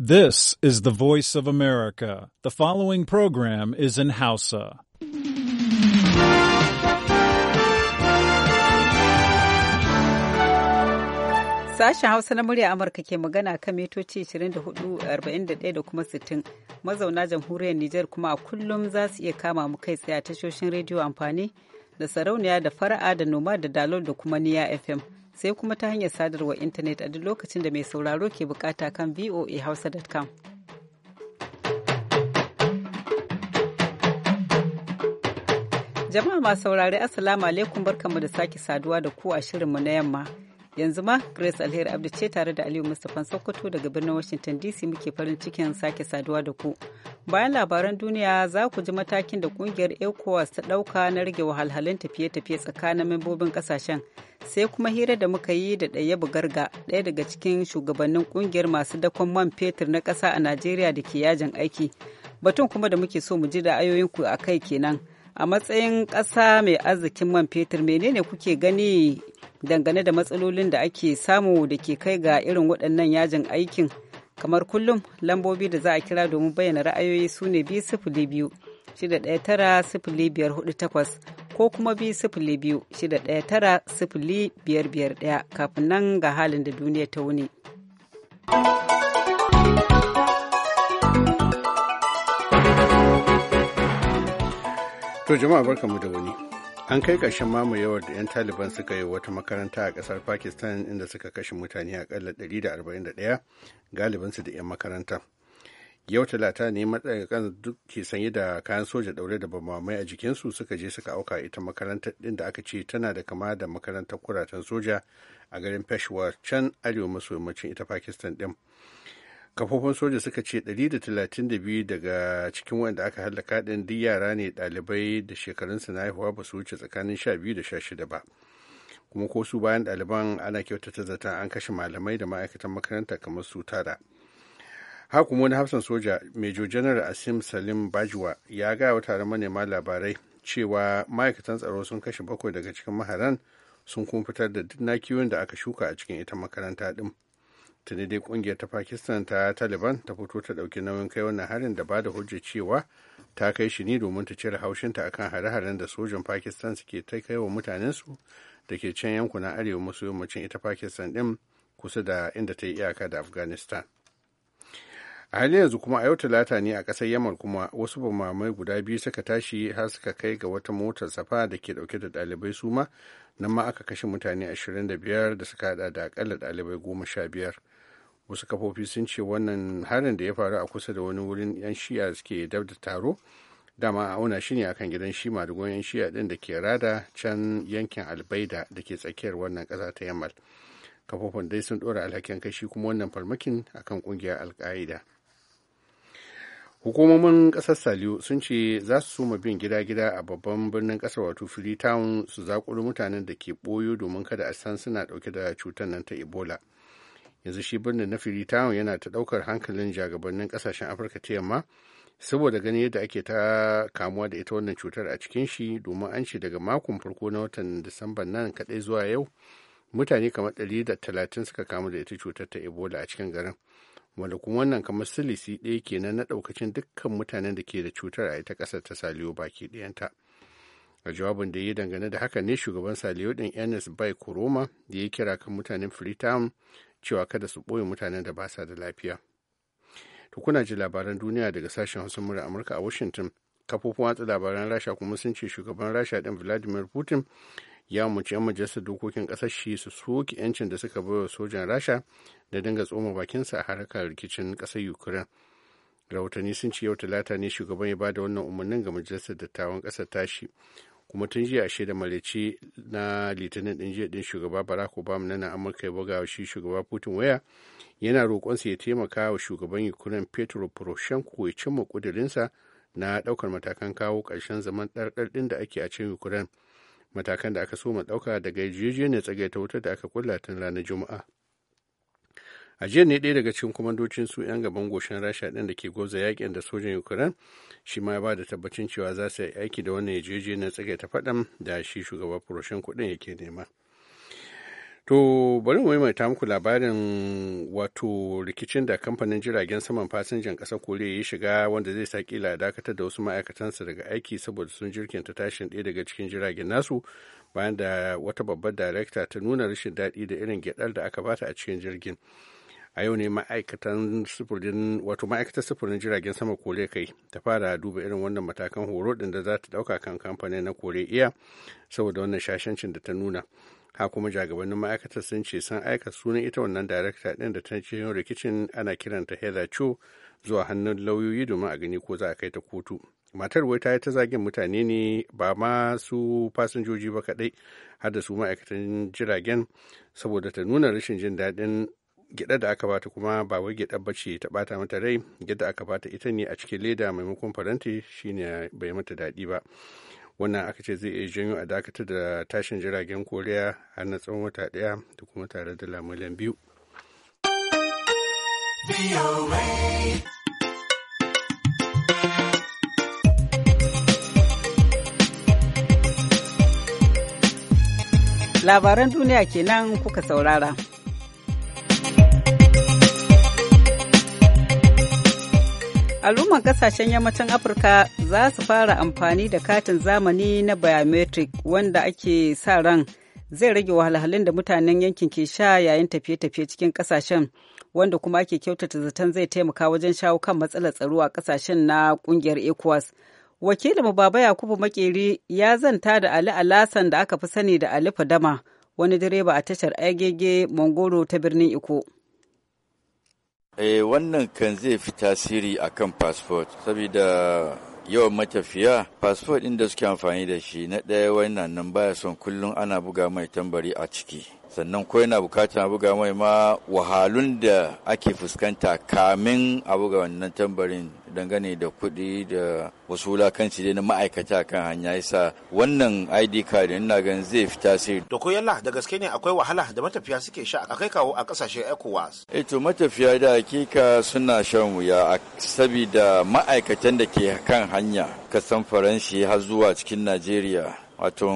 This is the voice of America. The following program is in Hausa. Sashen Hausa na murya Amurka ke magana kan mitoci 24,41 da kuma 60 mazauna jamhuriyar Nijar kuma a kullum za su iya kama mu kai tsaye a tashoshin rediyo amfani da sarauniya da fara'a da noma da dalol da kuma niya FM. sai kuma ta hanyar sadarwar intanet a duk lokacin da mai sauraro ke bukata kan voahausa.com. Jama'a masu saurari Assalamu alaikum barkanmu da sake saduwa da ku a shirinmu na yamma. yanzu ma grace alheri abdu ce tare da aliyu mustapha sokoto daga birnin washington dc muke farin cikin sake saduwa da ku bayan labaran duniya za ku ji matakin da kungiyar ecowas ta ɗauka na rage wahalhalun tafiye-tafiye tsakanin membobin kasashen sai kuma hira da muka yi da ɗaya bugarga ɗaya daga cikin shugabannin kungiyar masu dakon man fetur na ƙasa a najeriya da ke yajin aiki batun kuma da muke so mu ji da ku a kai kenan a matsayin ƙasa mai arzikin man fetur menene kuke gani dangane da matsalolin da ake samu da ke kai ga irin waɗannan yajin aikin kamar kullum lambobi da za a kira domin bayyana ra'ayoyi su ne biyu sifili biyu shida ɗaya tara sifili biyar hudu takwas ko kuma biyu sifili biyu shida ɗaya tara sifili biyar biyar ɗaya kafin nan ga halin da duniya ta wuni. To jama'a barkamu da wani. an kai ƙarshen mamayewar da 'yan taliban suka yi wata makaranta a ƙasar pakistan inda suka kashe mutane a da 141 galibinsu da 'yan makaranta yau talata ne matsayin kan duk ke sanye da kayan soja daure da bamamai a jikinsu suka je suka auka ita makarantar ɗin da aka ce tana da kama da makarantar kuratan soja a garin peshawar can arewa maso yammacin ita pakistan ɗin. kafofin soja suka ce 132 daga cikin wanda aka hallaka din duk yara ne dalibai da shekarunsu na haihuwa ba su wuce tsakanin 12 da 16 ba kuma ko su bayan ɗaliban ana kyautata zata an kashe malamai da ma'aikatan makaranta kamar su tara ha kuma wani hafsan soja major general asim salim bajwa ya gaya wa taron manema labarai cewa ma'aikatan tsaro sun kashe bakwai daga cikin maharan sun kuma fitar da duk kiwon da aka shuka a cikin ita makaranta din. tuni dai kungiyar ta pakistan ta taliban ta fito ta dauki nauyin kai wannan harin da bada hujja cewa ta kai shi ne domin ta cire haushinta akan hare-haren da sojan pakistan suke ta kai wa mutanensu da ke can yankunan arewa maso yammacin ita pakistan din kusa da inda ta yi iyaka da afghanistan a halin yanzu kuma a yau talata ne a ƙasar yamal kuma wasu bamamai guda biyu suka tashi har suka kai ga wata motar safa da ke dauke da dalibai suma nan ma aka kashe mutane 25 da suka hada da akalla dalibai 15 wasu kafofi sun ce wannan harin da ya faru a kusa da wani wurin 'yan shiya suke dab da taro dama a auna shi ne kan gidan shi madugon 'yan shiya din da ke rada can yankin albaida da ke tsakiyar wannan kasa ta yamal kafofin dai sun ɗora alhakin kashi kuma wannan farmakin a kan ƙungiyar alka'ida hukumomin ƙasar saliu sun ce za su suma bin gida-gida a babban birnin ƙasar wato freetown su zaƙuri mutanen da ke ɓoyo domin kada a san suna ɗauke da cutar nan ta ebola yanzu shi birnin na freetown yana ta ɗaukar hankalin jagabannin kasashen afirka ta yamma saboda ganin yadda ake ta kamuwa da ita wannan cutar a cikin shi domin an ce daga makon farko na watan disamba nan kaɗai zuwa yau mutane kamar ɗari da talatin suka kamu da ita cutar ta ebola a cikin garin wanda kuma wannan kamar silisi ɗaya kenan na ɗaukacin dukkan mutanen da ke da cutar a ita ƙasar ta saliyo baki ɗayanta a jawabin da ya dangane da haka ne shugaban saliyo ɗin ernest bai kuroma da ya kira kan mutanen freetown cewa kada su ɓoye mutanen da ba sa da lafiya to kuna ji labaran duniya daga sashen hausa Murar amurka a washington kafofin watsa labaran rasha kuma sun ce shugaban rasha ɗin vladimir putin ya umarci 'yan majalisar dokokin ƙasar shi su soke 'yancin da suka baiwa sojan rasha da dinga tsoma bakinsa a harkar rikicin ƙasar ukraine rahotanni sun ce yau talata ne shugaban ya bada wannan umarnin ga majalisar dattawan ƙasar tashi kuma tun jiya ashe da maleci na litinin din jiya din shugaba barack obama na nan amurka ya buga shi shugaba putin waya yana roƙonsa ya taimaka wa shugaban ukraine petro poroshenko ya cimma ƙudurinsa na ɗaukar matakan kawo ƙarshen zaman ɗarɗar ɗin da ake a cikin ukraine matakan da aka so mu ɗauka daga yarjejeniyar tsagaita wutar da aka kulla tun ranar juma'a a jiya ne ɗaya daga cikin kwamandocin su 'yan gaban goshen rasha ɗin da ke goza yakin da sojan ukraine shi ma ya ba da tabbacin cewa za su yi aiki da wannan tsage ta faɗan da shi shugaban furoshen kuɗin yake nema To bari mu ta muku labarin wato rikicin da kamfanin jiragen saman fasinjan ƙasar Koriya ya shiga wanda zai sa kila dakatar da wasu ma'aikatansa daga aiki saboda sun jirkinta tashin ɗaya daga cikin jiragen nasu bayan da wata babbar darekta ta nuna rashin daɗi da irin gyaɗar da aka bata a cikin jirgin. a yau ne ma'aikatan sufurin wato ma'aikatar sufurin jiragen sama kore kai ta fara duba irin wannan matakan horo din da za ta dauka kan kamfanin na kore iya saboda wannan shashancin da ta nuna ha kuma jagabannin ma'aikatar sun ce san aika sunan ita wannan darakta din da ta cikin rikicin ana kiranta heather cho zuwa hannun lauyoyi domin a gani ko za a kai ta kotu matar wai ta yi ta zagin mutane ne ba ma su fasinjoji ba kaɗai har da su ma'aikatan jiragen saboda ta nuna rashin jin daɗin gida da aka bata kuma ba wai gyaɗa ba ce ta bata mata rai gida aka bata ita ne a cikin leda maimakon faranti shine bai mata daɗi ba wannan aka ce zai iya janyo a dakatar da tashin jiragen koriya har na tsawon wata daya da kuma tare da lamulan biyu labaran duniya kenan kuka saurara al'umman kasashen yammacin afirka za su fara amfani da katin zamani na biometric wanda ake sa ran zai rage wahalhalun da mutanen yankin ke sha yayin tafiye-tafiye cikin kasashen wanda kuma ake kyautata zaton zai taimaka wajen shawo kan matsalar tsaro a kasashen na kungiyar ecowas wakilin mu baba yakubu makeri ya zanta da ali alasan da aka fi sani da ali fadama wani direba a tashar agege mongoro ta birnin iko Eh, wannan kan zai fi tasiri a kan passport saboda yawan matafiya passport ɗin da suke amfani da shi na ɗaya wannan nan baya son kullum ana buga mai tambari a ciki sannan ko yana bukatar a buga mai ma wahalun da ake fuskanta kamin a buga wannan tambarin dangane da kuɗi da wasu wulakanci dai na ma'aikata kan hanya yasa wannan id card ina ganin zai fi tasiri. da ko yalla da gaske ne akwai wahala da matafiya suke sha a kai kawo a kasashen ecowas. eh to matafiya da hakika suna shan wuya sabida ma'aikatan da ke kan hanya Ka san faranshi har zuwa cikin najeriya wato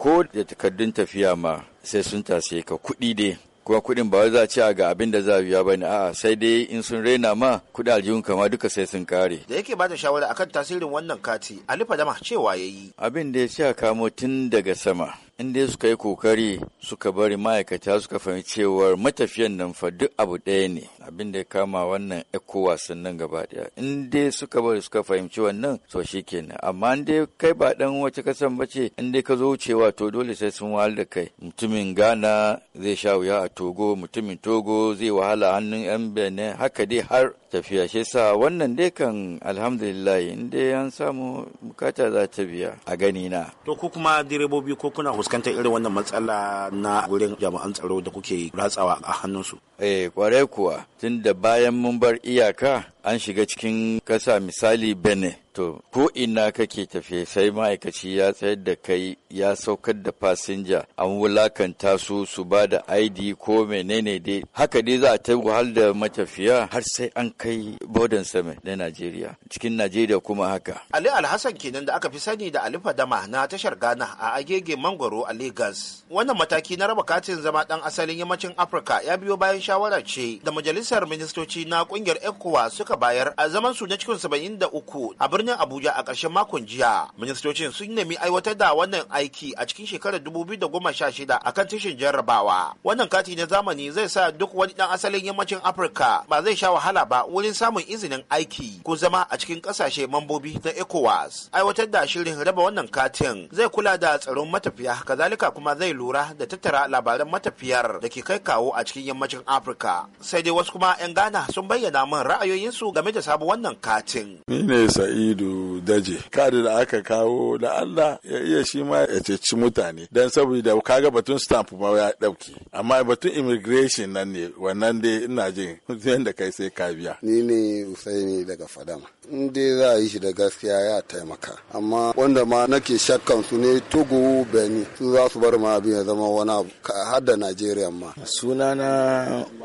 ko da takardun tafiya ma sai sun tasiye ka kuɗi dai kuma kuɗin ba za a ci ga abin da za a biya ne a'a sai dai in sun raina ma kuɗi aljihun kama duka sai sun kare da yake bata shawara akan tasirin wannan kati Ali Fadama cewa ya yi. abin da ya sha kamo tun daga sama in dai suka yi kokari suka bari ma'aikata suka fahimci cewar matafiyan nan fa duk abu ɗaya ne abin da ya kama wannan wasan nan gaba ɗaya in dai suka bari suka fahimci wannan to kenan amma in dai kai ba dan wace kasan ba ce in dai ka zo wucewa to dole sai sun wahal da kai mutumin ghana zai sha wuya a togo mutumin togo zai wahala hannun yan benin haka dai har tafiya shi sa wannan dai kan alhamdulillah in dai an samu bukata za ta biya a gani na to ko kuma direbobi ko kuna fuskantar irin wannan matsala na wurin jami'an tsaro da kuke ratsawa a hannunsu? Eh kwarai kuwa tun da bayan mun bar iyaka an shiga cikin ƙasa misali bene to ko ina kake tafiya, sai ma'aikaci ya tsayar da kai ya saukar da fasinja an wulakanta su su ba da id ko menene dai haka dai za a ta wahal da matafiya har sai an kai bodan sama na najeriya cikin najeriya kuma haka ali alhassan kenan da aka fi sani da ali fadama na tashar ghana a agege mangoro a Legas. wannan mataki na raba katin zama dan asalin yammacin afirka ya biyo bayan shawara ce da majalisar ministoci na kungiyar Ekowa suka suka bayar a zaman su na cikin saba'in da uku a birnin Abuja a ƙarshen makon jiya. Ministocin sun nemi aiwatar da wannan aiki a cikin shekarar dubu biyu da goma sha shida a kan tashin jarrabawa. Wannan kati na zamani zai sa duk wani ɗan asalin yammacin Afirka ba zai sha wahala ba wurin samun izinin aiki ko zama a cikin ƙasashe mambobi na ECOWAS. Aiwatar da shirin raba wannan katin zai kula da tsaron matafiya kazalika kuma zai lura da tattara labaran matafiyar da ke kai kawo a cikin yammacin Afirka. Sai dai wasu kuma 'yan Ghana sun bayyana min ra'ayoyinsu su game da sabon wannan katin. Ni ne Sa'idu Daje, kadi da aka kawo da Allah ya iya shi ma ya ceci mutane don saboda kaga batun stamp ma ya ɗauki. Amma batun immigration nan ne wannan dai ina jin yadda kai sai ka biya. Ni ne Usaini daga Fadama. In dai za a yi shi da gaskiya ya taimaka. Amma wanda ma nake shakkan su ne Togo Benin su za su bar ma abin ya zama wani abu har da Najeriya ma. Sunana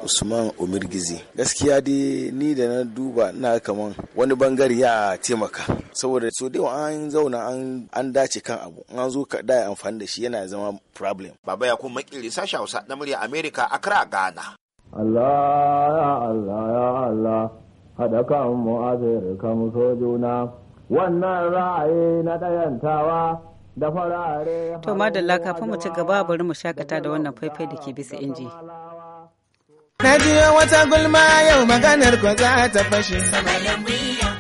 Usman Umirgizi. Gaskiya dai ni da na du duba na kaman wani bangare ya taimaka saboda so da an zauna an dace kan abu an zo ka da amfani da shi yana zama problem baba ya kuma makiri sashi Hausa na murya America akra Ghana Allah ya Allah ya Allah hada kan mu Afirka mu so wannan ra'ayi na dayantawa da farare To madalla kafin mu ci gaba bari mu shakata da wannan faifai da ke bisa inji. Na jiyo wata gulma yau maganar ko za ta fashe.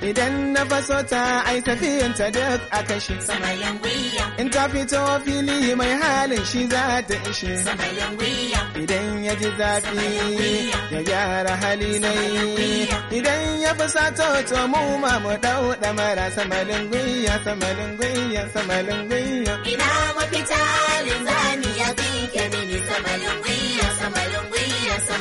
Idan na faso ta ai tafiyanta duk a kashe. In ta fito fili mai halin shi za ta ishe. Idan ya ji zafi ya gyara hali nai. Idan ya fusato to mu ma mu dau mara samalin gwiya samalin gwiya samalin gwiya. Ina mafita ya fi kemini samalin gwiya.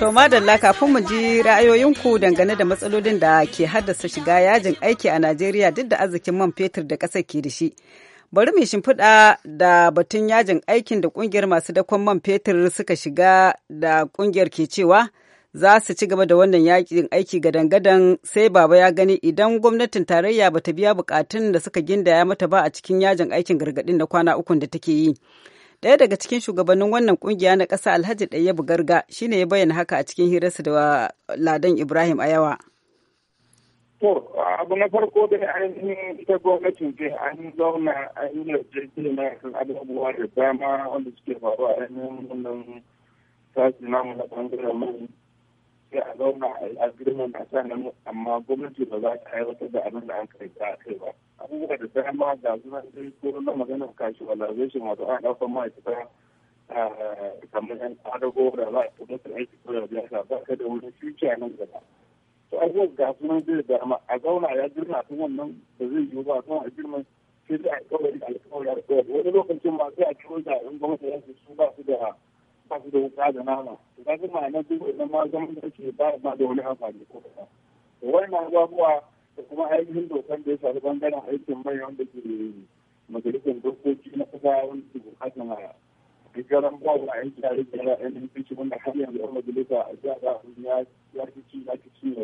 To madalla kafin mu ji ra'ayoyinku dangane da matsalolin da ke haddasa shiga yajin aiki a Najeriya duk da arzikin man fetur da ƙasar ke da shi. Bari mu shimfiɗa da batun yajin aikin da ƙungiyar masu dakon man fetur suka shiga da ƙungiyar ke cewa za su ci gaba da wannan yakin aiki gadan-gadan sai baba ya gani idan gwamnatin tarayya bata biya bukatun da suka gindaya mata ba a cikin yajin aikin gargaɗin na kwana ukun da take yi. daya daga cikin shugabannin wannan kungiya na ƙasa Alhaji Ɗayyabu Garga shine ya bayyana haka a cikin hirarsa da Ladan Ibrahim Ayawa. To, abu na farko da ainihin ita gwamnatin ce an zauna an yi na kan abubuwa da dama wanda suke faruwa ainihin wannan sashi namu na bangaren mai sai a zauna a yi agreement a sanin amma gwamnati ba za ta aiwatar da abin da an kai ta kai ba abubuwa da dama ga zuwa sai ko na maganar casualization wato an ɗaukar ma'aikata ah, kamar yan adago da za a kuma ta aiki ko da ba ka da wani future nan gaba to abubuwa ga suna zai dama a zauna ya girma tun wannan da zai yiwu ba tun a girma sai dai a kawai alkawari alkawari wani lokacin ma sai a kawai da yan gwamnati yanzu su ba su da ba su da wuka da nama to ka ga ma'anar duk wannan ma zaman da ake ba ma da wani amfani ko kuma to wannan abubuwa da kuma ainihin dokar da ya shafi bangaren aikin mai wanda ke majalisar dokoki na kusa wanda ke bukatar a gaggaran babu a yanki da rike na wanda har yanzu yan majalisa a jiya da ya ci ci ya ci ci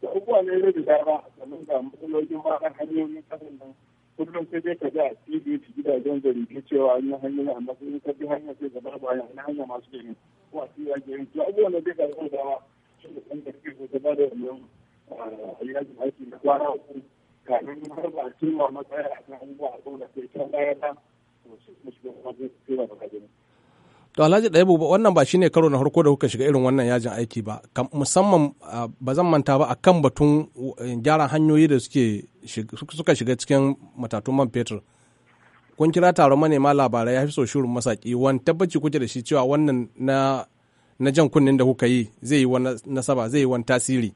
da abubuwa ne da dama sannan ga matsalolin ba kan hanyoyin kasan nan kullum sai dai ka ga a tv gidajen jaridu cewa an yi hanyar a matsayin ka bi hanyar sai gaba ba an hanyar masu gani ko a tv ake yin to abubuwan da zai ga zama dama shi da kan da ko ta bada wannan yajin aiki na kwana uku kafin har ba a cimma matsaya a kan abubuwa a zauna sai can baya ba to shi kuma shi ba kuma zai ba ba ka gani. To Alhaji Ɗaibu wannan ba shine karo na harko da kuka shiga irin wannan yajin aiki ba musamman ba zan manta ba a kan batun eh, gyaran hanyoyi da suke suka shiga cikin matatun man fetur. Kun kira taron manema labarai ya fi so shirin masaki wani tabbaci kuke da shi cewa wannan na jan kunnen da kuka yi zai yi wani nasaba zai yi wani tasiri.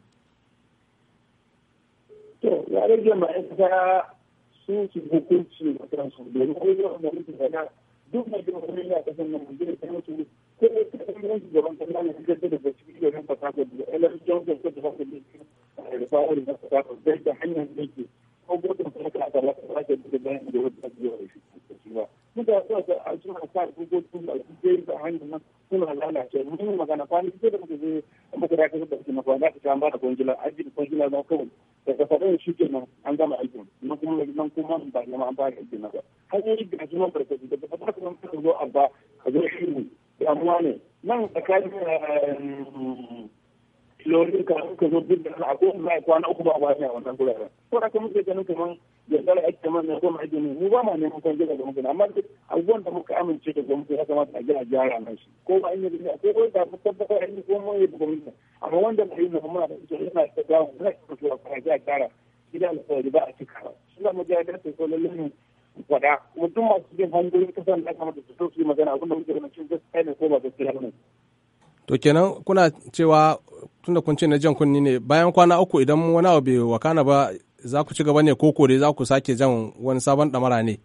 To ya rage ma'aikata su su hukunci da domin da duk mai gina wani ya kasan nan zai kai musu ko ya kasan nan shugaban kasa ne ya da daga cikin garin fasaka da Ellen Johnson ko da fasaka da da fa'ari na fasaka bai da hanyar da yake ko gudun fasaka a tsara fasaka da bayan da wata da yawa shi ba duka sa ta a suna sa ko gudun da su zai da hanyar nan suna lalace mun magana fa ni sai da muka je muka da kasa da kuma ba za ta ta ba da a ajin kongila na kawai daga faɗin shi a an gama aikin nan kuma nan kuma ba ne an fara aikin nan ba hanyoyi ga su nan barkatu daga faɗin kuma ka zo abba ka zo shiru damuwa ne nan tsakanin eh, lori ka ka zo duk da a ko za a kwana uku ba ba a wannan guraren ko da muke ganin kaman da tsara ake mana ko ma ake mu ba ma neman kan gida gwamnati amma duk abubuwan da muka amince da gwamnati ya kamata a ji a gyara nan shi ko ba in yi da ko ko da ku tabbatar an yi ko mun yi da gwamnati amma wanda ba yi da kuma da ita yana da gawo na ko to ka ji a gyara gida alƙawari ba a cika ba shi da mujahidin sai ko lallai faɗa mutum masu jin hanyoyin kasan da aka mata su so su yi magana abinda muke ganin cin gaskiya ne ko ba gaskiya ne to kenan kuna cewa tunda kun ce na jan kunni ne bayan kwana uku idan wani abu bai wakana ba za ku ci gaba ne ko kore za ku sake jan wani sabon damara ne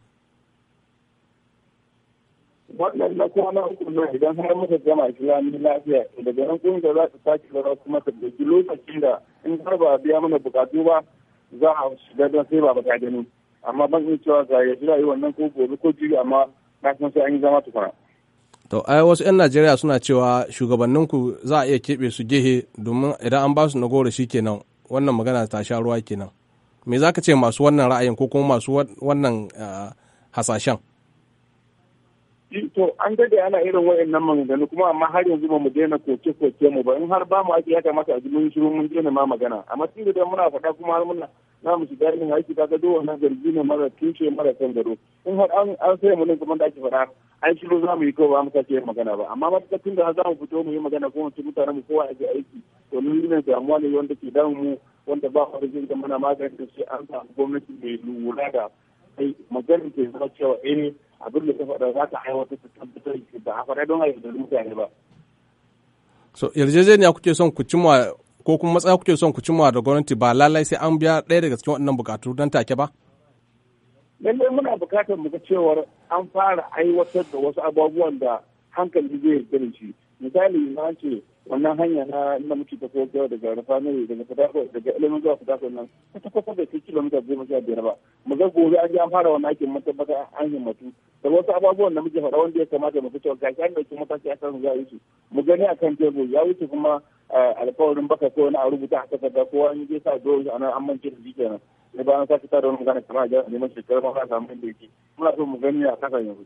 wannan na kwana uku ne idan har muka gama islami lafiya daga nan kunga za ta sake gaba kuma ta ɗauki lokacin da in har ba biya mana bukatu ba za a shiga don sai ba baka gani amma ban iya cewa ga ya yi wannan ko gobe ko jiri amma na san sai an yi zama tukuna. to ai wasu 'yan najeriya suna cewa shugabanninku za a iya keɓe su gehe domin idan an ba su na goro shi kenan wannan magana ta sha ruwa kenan me za ka ce masu wannan ra'ayin ko kuma masu wannan ah, hasashen to an dade ana irin wayannan maganganu kuma amma har yanzu ba mu daina koke koke mu ba in har ba mu ake ya kamata a ji mun shiru mun daina ma magana amma tun da muna faɗa kuma har muna na mu shiga irin aiki ta do wannan garbi ne mara tushe mara kan gado in har an an sai mu ne kuma da ake faɗa an shiru za mu yi kawai ba mu sake yin magana ba amma matuƙa tun da za mu fito mu yi magana ko mu ci mutane mu kowa ake aiki to lulluɓe damuwa ne wanda ke damu mu wanda ba wani jin da muna magana da shi an samu gwamnati mai lura da maganin ke zama cewa eh abin da ta faɗa za ta aiwatar ta tabbatar da a faɗa don a yaudar mutane ba. so yarjejeniya kuke son ku cimma ko kuma matsaya kuke son ku cimma da gwamnati ba lalai sai an biya ɗaya daga cikin waɗannan bukatu don take ba? lallai muna bukatar mu ga cewar an fara aiwatar da wasu abubuwan da hankali zai yarda da shi misali na ce wannan hanya na inda muke tafiyar yau daga refinery daga fitako daga ilimin zuwa fitako nan ta kusa da kai kilomita goma sha biyar ba mu ga gobe an ji an fara wannan aikin mun tabbatar an himmatu da wasu abubuwan da muke faɗa wanda ya kamata mu fito ga shi an ɗauki mataki a kan zuwa su mu gani a kan tebur ya wuce kuma alfawarin baka ko wani a rubuta a takarda ko wani zai sa dole a nan an manci da shi kenan ne bayan sa fitar da wani magana kamar a jami'an neman shekaru ma za a samu inda yake muna so mu gani a kasa yanzu.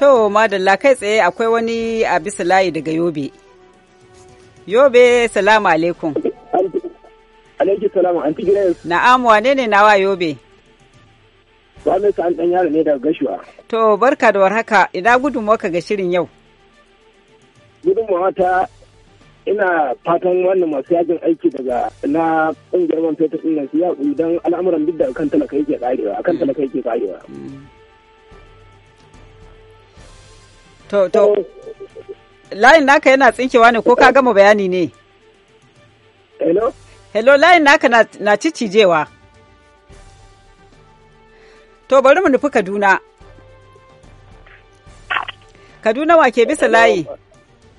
To, madalla kai tsaye akwai wani a bisa layi daga Yobe. Yobe, salamu alaikum. Alaikum salamu, Anti Grace. Na'am, wane ne nawa Yobe? Ba mai sa'an ɗan yaro ne daga gashuwa. To, barka da warhaka, ina waka ga shirin yau. Gudun ta ina fatan wannan masu yajin aiki daga na ƙungiyar man fetur ɗin nan su ya don al'amuran duk da kan talaka yake tsarewa, ƙarewa. To, to. Layin naka yana tsinkewa ne ko ka gama bayani ne? Hello? Hello, layin naka na, cicijewa. To, bari mu nufi Kaduna. Kaduna wa ke bisa layi?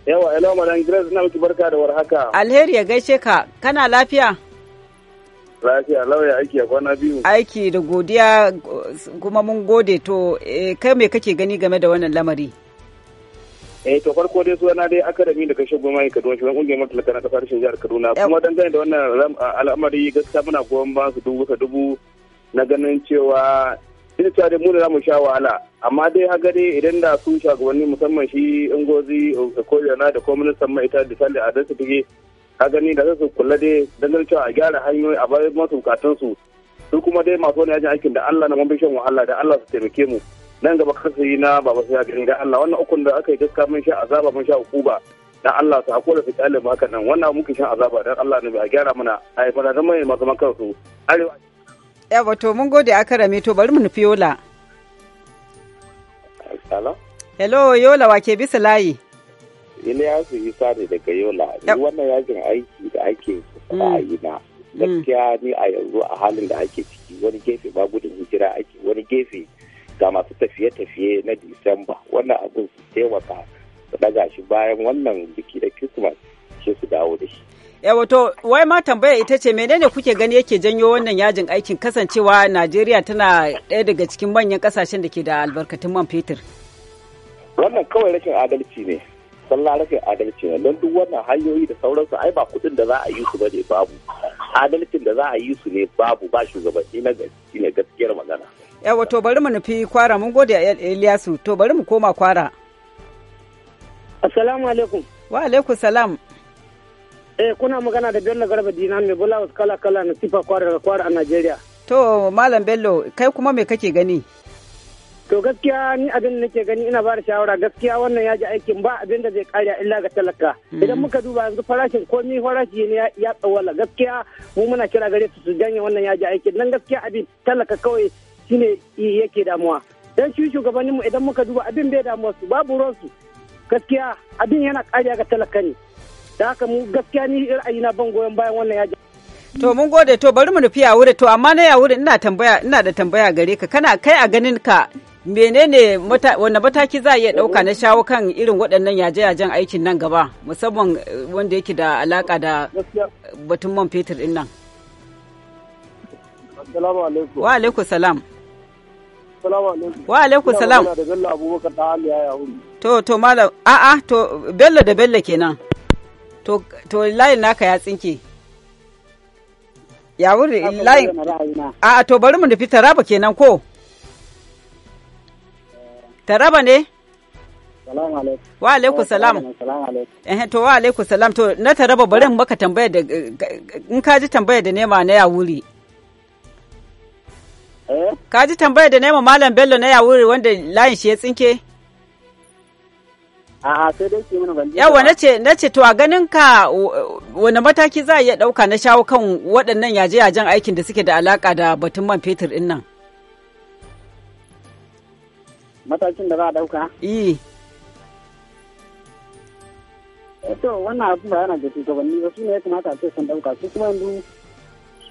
Yawa, hello, Madam Grace, na miki barka da warhaka. Alheri ya gaishe ka, kana lafiya? lafiya lauya aiki a kwana biyu aiki da godiya kuma mun gode to eh, kai me kake gani game da wannan lamari eh to farko dai suna dai akademi da kashe goma kaduna wani ungiyar matalaka na kasar shi jihar kaduna kuma dangane da wannan al'amari gaskiya muna goyon ba su dubu ka dubu na ganin cewa duk cewa dai da mu sha wahala amma dai haka dai idan da su shugabanni musamman shi ungozi ko yana da kuma mai ma'aikata da a dan su fige ka gani da su kula dai dangane cewa a gyara hanyoyi a bayar masu bukatunsu su kuma dai masu wani yajin aikin da allah na mabishin wahala da allah su taimake mu nan gaba kar yi na baba sai garin ga Allah wannan ukun da aka yi gaskiya mun sha azaba mun sha hukuma da Allah ta hakura su kalle mu haka nan wannan muke shan azaba dan Allah ne a gyara mana ai fara da mai mazaman kansu arewa yawa to mun gode aka rame to bari mu nufi yola hello yola wa ke bisa layi Iliyasu Isa ne daga Yola, ni wannan yajin aiki da ake yi mm. na gaskiya mm. ni a yanzu a halin da ake ciki wani gefe ba gudun hijira ake wani gefe ga masu tafiye-tafiye na disamba wannan abin su taimaka su daga shi bayan wannan biki da christmas shi su dawo da shi wato wai ma tambaya ita ce menene kuke gani yake janyo wannan yajin aikin kasancewa najeriya tana ɗaya daga cikin manyan kasashen da ke da albarkatun man fetur wannan kawai rashin adalci ne sallah rashin adalci ne don duk wannan hanyoyi da sauransu ai ba kuɗin da za a yi su ba ne babu adalcin da za a yi su ne babu ba shugabanni na gaskiyar magana yawa to bari mu nufi kwara mun gode Ilyasu to bari mu koma kwara assalamu alaikum wa alaikum salam eh kuna magana da Bello Garba Dina mai bulawus kala kala na sifa kwara da kwara a Najeriya to malam Bello kai kuma me kake gani to gaskiya ni abin nake gani ina ba shawara gaskiya wannan ya ji aikin ba abin da zai kare illa ga talaka hmm. idan muka duba yanzu farashin komai farashi ne ya tsawala gaskiya mu muna kira gare su su janye wannan ya ji aikin nan gaskiya abin talaka kawai ne yake damuwa don shi shugabanninmu idan muka duba abin bai damuwa su babu ruwansu gaskiya abin yana kariya ga talaka ne da haka mu gaskiya ni ra'ayina ban goyon bayan wannan yaji to mun gode to bari mu nufi wuri to amma na wuri ina tambaya ina da tambaya gare ka kana kai a ganin ka menene wanda mataki za a iya dauka na shawo kan irin waɗannan yaje-yajen aikin nan gaba musamman eh, wanda yake da alaka da batun man fetur din nan wa alaikum salam alaikum. Wa alaikum salam. Ina da Bello Abubakar ta ya To to malam a'a to Bello da Bello kenan. To to layin naka ya tsinke. Ya wuri layin. A'a to bari mu nufi Taraba kenan ko? Taraba ne? Salamu alaikum. Wa alaikum salam. Eh to wa alaikum salam to na Taraba bari mu maka tambaya da in ka ji tambaya da nema na ya wuri. Ka ji tambayar da na yi Malam Bello na yawuri wanda layin shi ya tsinke? A'a sai dai ke mana Yawa nace nace to a ganin ka wani mataki za a iya ɗauka na shawo kan waɗannan yaje-yajen aikin da suke da alaƙa da batun man fetur ɗin nan? Matakin da za a ɗauka? Iyi. Eh. Eh, to wannan abin ba yana da shugabanni ba su ne ya kamata a ce sun ɗauka su kuma yanzu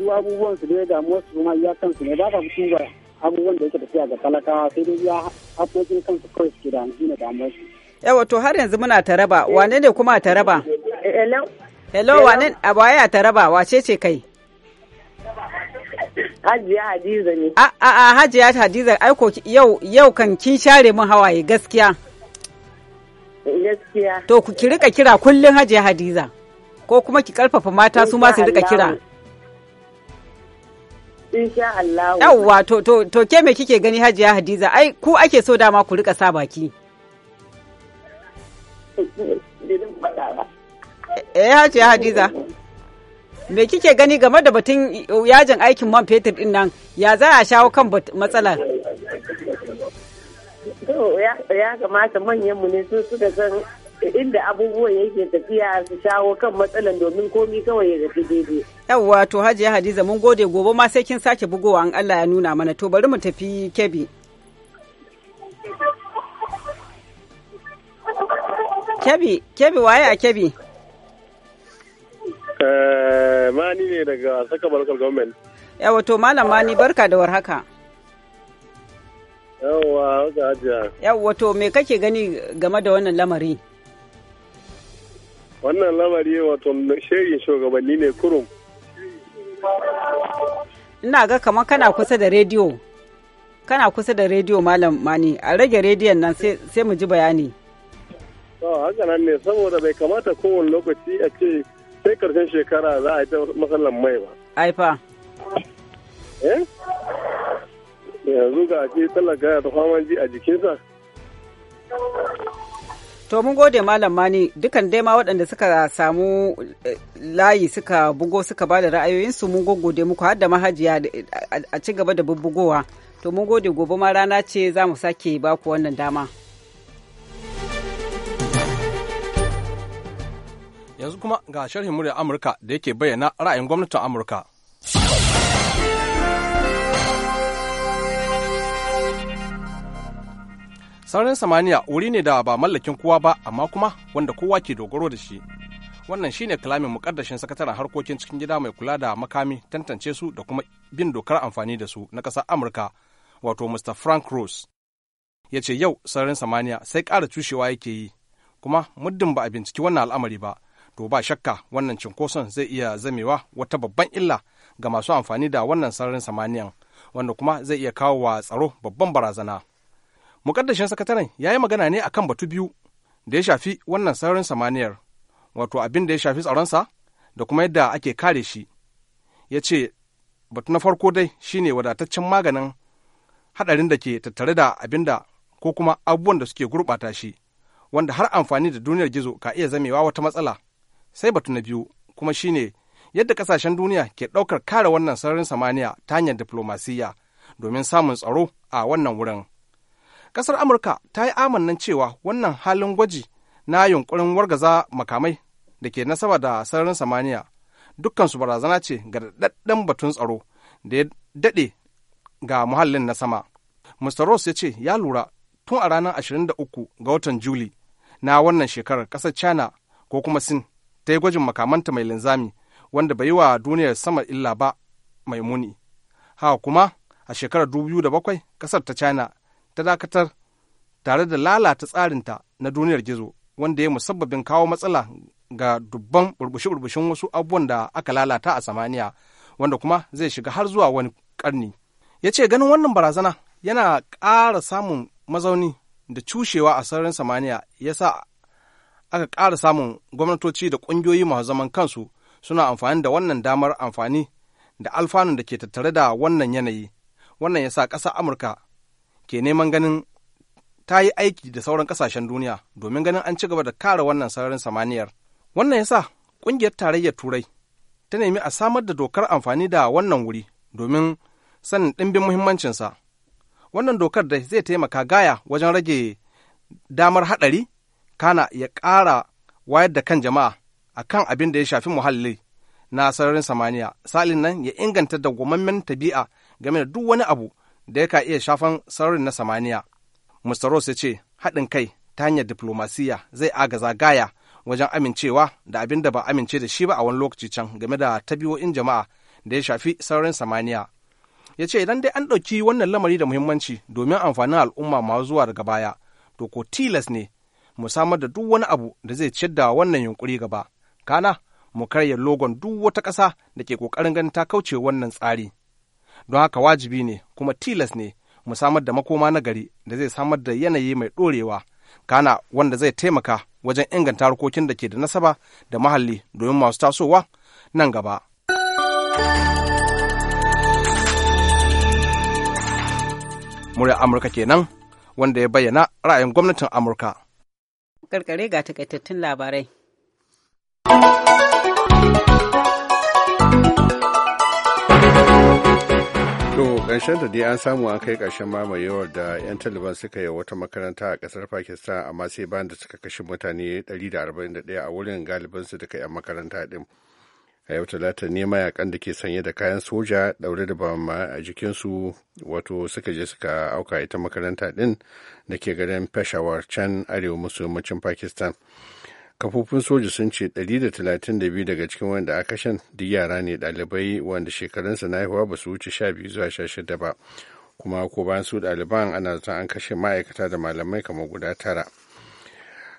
su abubuwan su ne da damuwar su ma iya kansu ne ba ka fito ba abubuwan da yake tafiya ga talakawa sai dai iya kan kansu kawai suke da su ne damuwar su. Yawa to har yanzu muna taraba wane ne kuma a taraba? Hello. Hello wane a baya a taraba wace ce kai? Hajiya Hadiza ne. A a Hajiya Hadiza aiko yau yau kan kin share mun hawaye gaskiya. Gaskiya. To ku ki rika kira kullun Hajiya Hadiza. Ko kuma ki karfafa mata su ma su rika kira. Insha Allah. Yawwa to to to ke me kike gani Hajiya Hadiza ai ku ake so dama ku rika sa baki. Eh, eh Hajiya Hadiza. Me kike gani game da batun yajin aikin man fetur din nan ya za a shawo kan matsalar? To ya kamata manyan mu ne su suka san inda abubuwa yake tafiya su shawo kan matsalan domin komi kawai ya tafi daidai. Yawwa to Hajiya Hadiza mun gode gobe ma sai kin sake bugowa an Allah ya nuna mana to bari mu tafi Kebbi. Kebbi, Kebbi waye a Kebbi? Eh, Mani ne daga Saka Barkar Gwamnati. Yawa to Malam Mani barka da warhaka. Yawa, haka Hajiya. to me kake gani game da wannan lamari? wannan lamari wato shirin shugabanni ne kurum ina ga kamar kana kusa da rediyo kana kusa da rediyo malam mani a rage rediyon nan sai mu ji bayani haka nan ne saboda bai kamata kowane lokaci a ce sai karshen shekara za a yi ta matsalan mai ba aifa eh? yanzu ga ake talaka ya ta faman a jikinsa To mun gode malam mani dukan dai ma waɗanda suka samu eh, layi suka bugo suka ba da ra'ayoyinsu mun gode muku har da mahajiya eh, a ci gaba da bubbugowa. To mun gode gobe ma rana ce za mu sake ku wannan dama. yanzu kuma ga sharhin murya Amurka da yake bayyana ra'ayin gwamnatin Amurka. Sararin samaniya wuri ne da ba mallakin kowa ba amma kuma wanda kowa ke dogaro da shi. Wannan shine kalamin mukaddashin sakataren harkokin cikin gida mai kula da makami tantance su da kuma bin dokar amfani da su na ƙasar Amurka wato Mr. Frank Rose. Ya ce yau sararin samaniya sai ƙara cushewa yake yi kuma muddin ba a binciki wannan al'amari ba to ba shakka wannan cinkoson zai iya zamewa wata babban illa ga masu amfani da wannan sararin samaniyan wanda kuma zai iya kawo wa tsaro babban barazana. mukaddashin sakataren ya yi magana ne akan batu biyu da ya shafi wannan sararin samaniyar wato abin da ya shafi tsaronsa da kuma yadda ake kare shi ya ce batu na farko dai shine wadataccen maganin hadarin da ke tattare da abin da ko kuma abubuwan da suke gurɓata shi wanda har amfani da duniyar gizo ka iya zamewa wata matsala sai batu na biyu kuma shine yadda kasashen duniya ke ɗaukar kare wannan sararin samaniya ta hanyar diflomasiyya domin samun tsaro a wannan wurin. kasar Amurka ta yi amannan cewa wannan halin gwaji na yunkurin wargaza makamai da ke nasaba da sararin samaniya dukkansu barazana ce ga daɗaɗɗen batun tsaro da ya daɗe ga muhallin na sama. Mr. Ross ya ce ya lura tun a ranar 23 ga watan Juli na wannan shekarar kasar China ko kuma Sin ta yi gwajin makamanta mai linzami wanda bai yi wa duniyar sama illa ba mai muni. Haka kuma a shekarar 2007 kasar ta China ta dakatar tare da lalata tsarinta na duniyar gizo wanda ya musabbabin kawo matsala ga dubban burbushe-burbushin wasu abubuwan da aka lalata a samaniya wanda kuma zai shiga har zuwa wani karni ya ce ganin wannan barazana yana ƙara samun mazauni da cushewa a sararin samaniya ya sa aka ƙara samun gwamnatoci da ƙungiyoyi masu zaman kansu suna amfani da wannan damar amfani da alfanun da ke tattare da wannan yanayi wannan ya sa ƙasa amurka ke neman ganin ta yi aiki da sauran kasashen duniya domin ganin an ci gaba da kare wannan sararin samaniyar. Wannan ya sa ƙungiyar tarayyar Turai ta nemi a samar da dokar amfani da wannan wuri domin sanin ɗimbin muhimmancinsa. Wannan dokar da zai taimaka gaya wajen rage damar haɗari, kana ya ƙara wayar da kan jama'a a kan abin da ya shafi muhalli na sararin samaniya, salin nan ya inganta dawwamammen tabi'a game da duk wani abu da ya ka iya shafan sararin na samaniya. Mr. ya ce haɗin kai ta hanyar diplomasiya zai agaza gaya wajen amincewa da abin da ba amince da shi ba a wani lokaci can game da tabiyoyin jama'a da ya shafi sararin samaniya. Ya ce idan dai an ɗauki wannan lamari da muhimmanci domin amfanin al'umma masu zuwa daga baya, to ko tilas ne mu samar da duk wani abu da zai ciyar da wannan yunkuri gaba. Kana, mu karya logon duk wata ƙasa da ke ƙoƙarin ganin ta kauce wannan tsari. don haka wajibi ne kuma tilas ne mu samar da makoma na gari da zai samar da yanayi mai ɗorewa kana wanda zai taimaka wajen inganta harkokin da ke da nasaba da mahalli domin masu tasowa nan gaba. Murya Amurka kenan wanda ya bayyana ra'ayin gwamnatin Amurka. Karkare ga takaitattun labarai. ƙarshen da dai an samu an kai karshen mamayewar da 'yan taliban suka yi wata makaranta a kasar pakistan amma sai bayan da suka kashe mutane 141 a wurin galibin galibinsu daga 'yan makaranta din a yau talata ne mayakan da ke sanye da kayan soja daure da bama a jikinsu wato suka je suka auka ita makaranta din da ke garin peshawar can arewa musulmancin pakistan kafofin soja sun ce 132 daga cikin wanda aka shan duk yara ne ɗalibai wanda shekarunsa na haihuwa ba su wuce 12 zuwa 16 ba kuma ko bayan su ɗaliban ana zaton an kashe ma'aikata da malamai kamar guda tara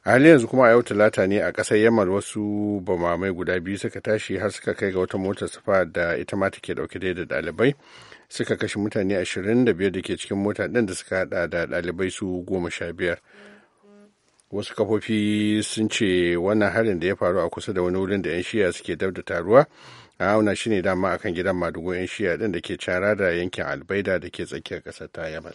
a halin yanzu kuma a yau talata ne a ƙasar yamal wasu bamamai guda biyu suka tashi har suka kai ga wata motar sufa da ita ma take ɗauke da ɗalibai suka kashe mutane 25 da ke cikin mota ɗin da suka haɗa da ɗalibai su goma sha biyar. wasu kafofi sun ce wannan harin da ya faru a kusa da wani wurin da 'yan shiya suke dab da taruwa a auna shi ne dama akan gidan madugo 'yan shiya din da ke cara da yankin albaida da ke tsakiyar kasar ta yamal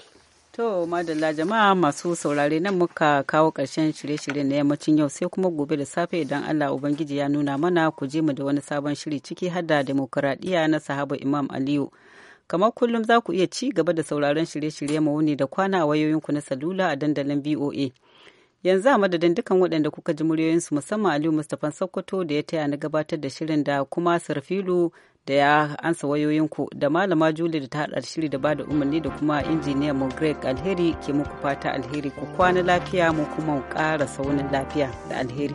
to madalla jama'a masu saurare nan muka kawo ƙarshen shirye shirye na yammacin yau sai kuma gobe da safe idan allah ubangiji ya nuna mana ku je mu da wani sabon shiri ciki har da demokuraɗiyya na sahaba imam aliyu kamar kullum za ku iya ci gaba da sauraron shirye-shirye mawuni da kwana a wayoyinku na salula a dandalin voa yanzu a madadin dukkan waɗanda kuka ji muryoyinsu musamman aliyu mustapha sokoto da ya taya na gabatar da shirin da kuma sarfilu da ya ansa wayoyinku da malama juli da ta haɗa shiri da bada umarni da kuma injiniya mu greg alheri ke muku fata alheri ku kwana lafiya mu kuma ƙara saunin lafiya da alheri